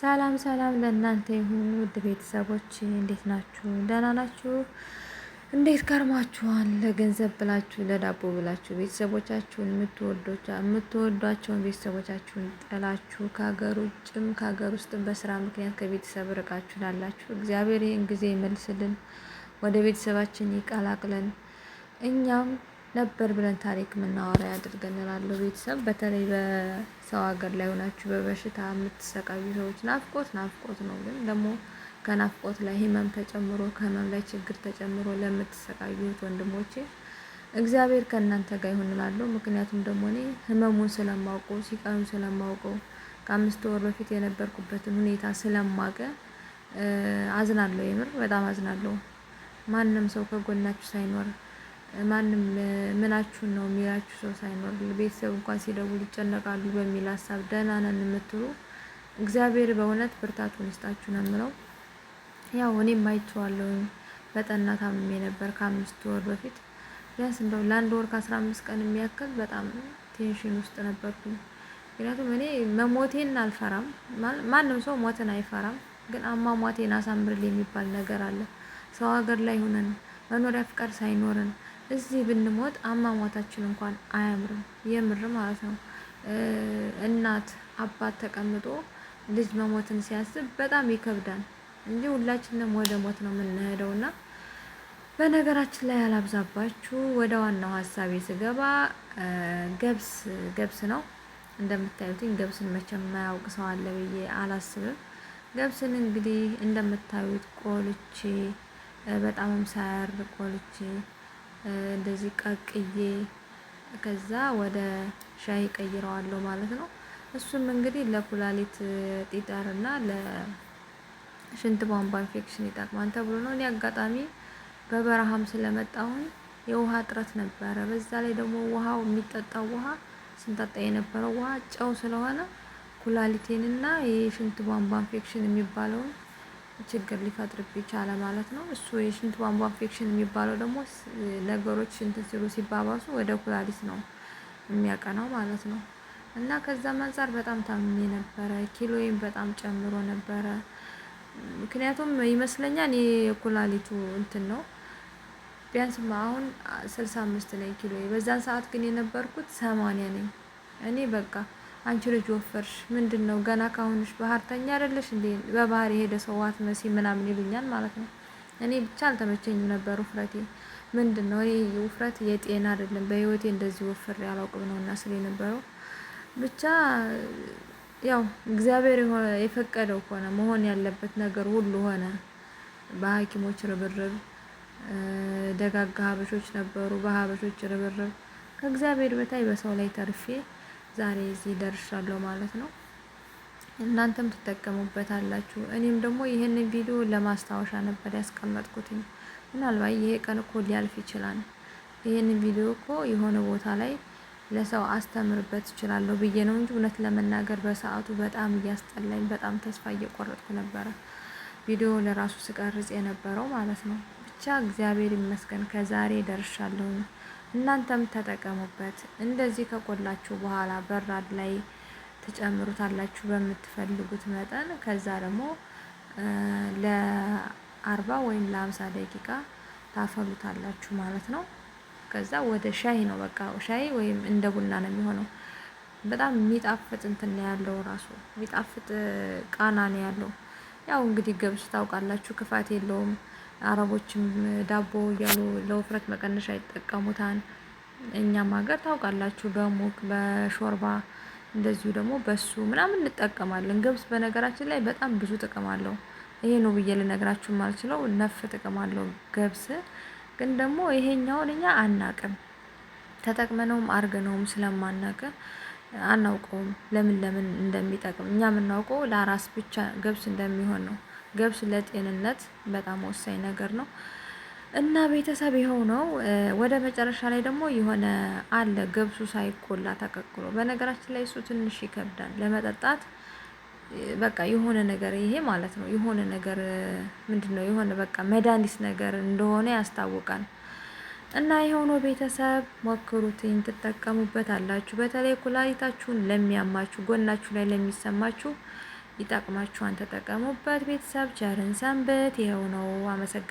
ሰላም ሰላም ለእናንተ የሆኑ ውድ ቤተሰቦች፣ እንዴት ናችሁ? ደህና ናችሁ? እንዴት ከርማችኋል? ለገንዘብ ብላችሁ ለዳቦ ብላችሁ ቤተሰቦቻችሁን የምትወዷቸውን ቤተሰቦቻችሁን ጥላችሁ ከሀገር ውጭም ከሀገር ውስጥም በስራ ምክንያት ከቤተሰብ ርቃችሁ ላላችሁ እግዚአብሔር ይህን ጊዜ ይመልስልን፣ ወደ ቤተሰባችን ይቀላቅለን እኛም ነበር ብለን ታሪክ የምናወራ ያድርገን እላለሁ። ቤተሰብ በተለይ በሰው ሀገር ላይ ሆናችሁ በበሽታ የምትሰቃዩ ሰዎች ናፍቆት ናፍቆት ነው፣ ግን ደግሞ ከናፍቆት ላይ ህመም ተጨምሮ ከህመም ላይ ችግር ተጨምሮ ለምትሰቃዩት ወንድሞቼ እግዚአብሔር ከእናንተ ጋር ይሁን እላለሁ። ምክንያቱም ደግሞ እኔ ህመሙን ስለማውቀው ሲቃዩን ስለማውቀው ከአምስት ወር በፊት የነበርኩበትን ሁኔታ ስለማቀ አዝናለሁ። የምር በጣም አዝናለሁ። ማንም ሰው ከጎናችሁ ሳይኖር ማንም ምናችሁን ነው የሚላችሁ ሰው ሳይኖር ቤተሰብ እንኳን ሲደውል ይጨነቃሉ በሚል ሀሳብ ደህና ነን የምትሉ እግዚአብሔር በእውነት ብርታቱን ይስጣችሁ ነው የምለው። ያው እኔም አይቼዋለሁኝ በጠና ታምሜ ነበር ከአምስት ወር በፊት ቢያንስ እንደው ለአንድ ወር ከአስራ አምስት ቀን የሚያክል በጣም ቴንሽን ውስጥ ነበርኩኝ። ምክንያቱም እኔ መሞቴን አልፈራም፣ ማንም ሰው ሞትን አይፈራም። ግን አሟሟቴን አሳምርል የሚባል ነገር አለ። ሰው ሀገር ላይ ሆነን መኖሪያ ፍቃድ ሳይኖረን እዚህ ብንሞት አሟሟታችን እንኳን አያምርም። የምር ማለት ነው። እናት አባት ተቀምጦ ልጅ መሞትን ሲያስብ በጣም ይከብዳል እንጂ ሁላችንም ወደ ሞት ነው የምንሄደው እና በነገራችን ላይ ያላብዛባችሁ ወደ ዋናው ሀሳቤ ስገባ ገብስ ገብስ ነው እንደምታዩትኝ። ገብስን መቼም የማያውቅ ሰው አለ ብዬ አላስብም። ገብስን እንግዲህ እንደምታዩት ቆልቼ በጣምም ሳያር ቆልቼ እንደዚህ ቀቅዬ ከዛ ወደ ሻይ ቀይረዋለሁ ማለት ነው። እሱም እንግዲህ ለኩላሊት ጤጠርና ለሽንት ቧንቧ ኢንፌክሽን ይጠቅማል ተብሎ ነው። እኔ አጋጣሚ በበረሃም ስለመጣሁን የውሃ እጥረት ነበረ። በዛ ላይ ደግሞ ውሃው የሚጠጣው ውሃ ስንጠጣ የነበረው ውሃ ጨው ስለሆነ ኩላሊቴንና የሽንት ቧንቧ ኢንፌክሽን የሚባለውን ችግር ሊፈጥርብ ይቻለ ማለት ነው። እሱ የሽንት ቧንቧ ኢንፌክሽን የሚባለው ደግሞ ነገሮች ሽንት ሲሉ ሲባባሱ ወደ ኩላሊት ነው የሚያቀናው ማለት ነው። እና ከዛም አንጻር በጣም ታምሜ ነበረ። ኪሎዬም በጣም ጨምሮ ነበረ። ምክንያቱም ይመስለኛል የኩላሊቱ እንትን ነው። ቢያንስ አሁን ስልሳ አምስት ነኝ ኪሎዬ። በዛን ሰዓት ግን የነበርኩት ሰማንያ ነኝ እኔ በቃ አንቺ ልጅ ወፈርሽ ምንድን ነው ገና ካሁንሽ ባህርተኛ አይደለሽ እንዴ? በባህር የሄደ ሰው አትመሲ ምናምን ይሉኛል ማለት ነው። እኔ ብቻ አልተመቸኝም ነበር ውፍረቴ። ምንድን ነው ይሄ ውፍረት የጤና አይደለም። በህይወቴ እንደዚህ ወፍሬ አላውቅም እና ስለ የነበረው ብቻ ያው እግዚአብሔር የፈቀደው ሆነ፣ መሆን ያለበት ነገር ሁሉ ሆነ። በሐኪሞች ርብርብ ደጋጋ ሀበሾች ነበሩ። በሀበሾች ርብርብ ከእግዚአብሔር በታይ በሰው ላይ ተርፌ ዛሬ እዚህ ደርሻለሁ ማለት ነው። እናንተም ትጠቀሙበታላችሁ። እኔም ደግሞ ይህንን ቪዲዮ ለማስታወሻ ነበር ያስቀመጥኩትኝ። ምናልባት ይሄ ቀን እኮ ሊያልፍ ይችላል። ይህንን ቪዲዮ እኮ የሆነ ቦታ ላይ ለሰው አስተምርበት እችላለሁ ብዬ ነው እንጂ እውነት ለመናገር በሰዓቱ በጣም እያስጠላኝ፣ በጣም ተስፋ እየቆረጥኩ ነበረ ቪዲዮ ለራሱ ስቀርጽ የነበረው ማለት ነው። ብቻ እግዚአብሔር ይመስገን ከዛሬ ደርሻለሁ። እናንተም ተጠቀሙበት። እንደዚህ ከቆላችሁ በኋላ በራድ ላይ ትጨምሩታላችሁ በምትፈልጉት መጠን። ከዛ ደግሞ ለአርባ ወይም ለአምሳ ደቂቃ ታፈሉታላችሁ ማለት ነው። ከዛ ወደ ሻይ ነው በቃ ሻይ ወይም እንደ ቡና ነው የሚሆነው። በጣም የሚጣፍጥ እንትን ያለው ራሱ የሚጣፍጥ ቃና ነው ያለው። ያው እንግዲህ ገብሱ ታውቃላችሁ፣ ክፋት የለውም። አረቦችም ዳቦ እያሉ ለውፍረት መቀነሻ ይጠቀሙታል። እኛም ሀገር ታውቃላችሁ በሙቅ በሾርባ እንደዚሁ ደግሞ በሱ ምናምን እንጠቀማለን። ገብስ በነገራችን ላይ በጣም ብዙ ጥቅም አለው። ይሄ ነው ብዬ ልነግራችሁ የማልችለው ነፍ ጥቅም አለው ገብስ። ግን ደግሞ ይሄኛውን እኛ አናቅም ተጠቅመነውም አርገነውም ስለማናቅ አናውቀውም ለምን ለምን እንደሚጠቅም። እኛ የምናውቀው ለአራስ ብቻ ገብስ እንደሚሆን ነው። ገብስ ለጤንነት በጣም ወሳኝ ነገር ነው እና ቤተሰብ ይኸው ነው። ወደ መጨረሻ ላይ ደግሞ የሆነ አለ ገብሱ ሳይቆላ ተቀቅሎ፣ በነገራችን ላይ እሱ ትንሽ ይከብዳል ለመጠጣት። በቃ የሆነ ነገር ይሄ ማለት ነው የሆነ ነገር ምንድን ነው የሆነ በቃ መድኃኒት ነገር እንደሆነ ያስታውቃል። እና የሆነ ቤተሰብ ሞክሩትኝ ትጠቀሙበት አላችሁ። በተለይ ኩላሊታችሁን ለሚያማችሁ፣ ጎናችሁ ላይ ለሚሰማችሁ ይጠቅማችኋን ተጠቀሙበት። ቤተሰብ ቸርን ሰንብት። ይኸው ነው። አመሰግናለሁ።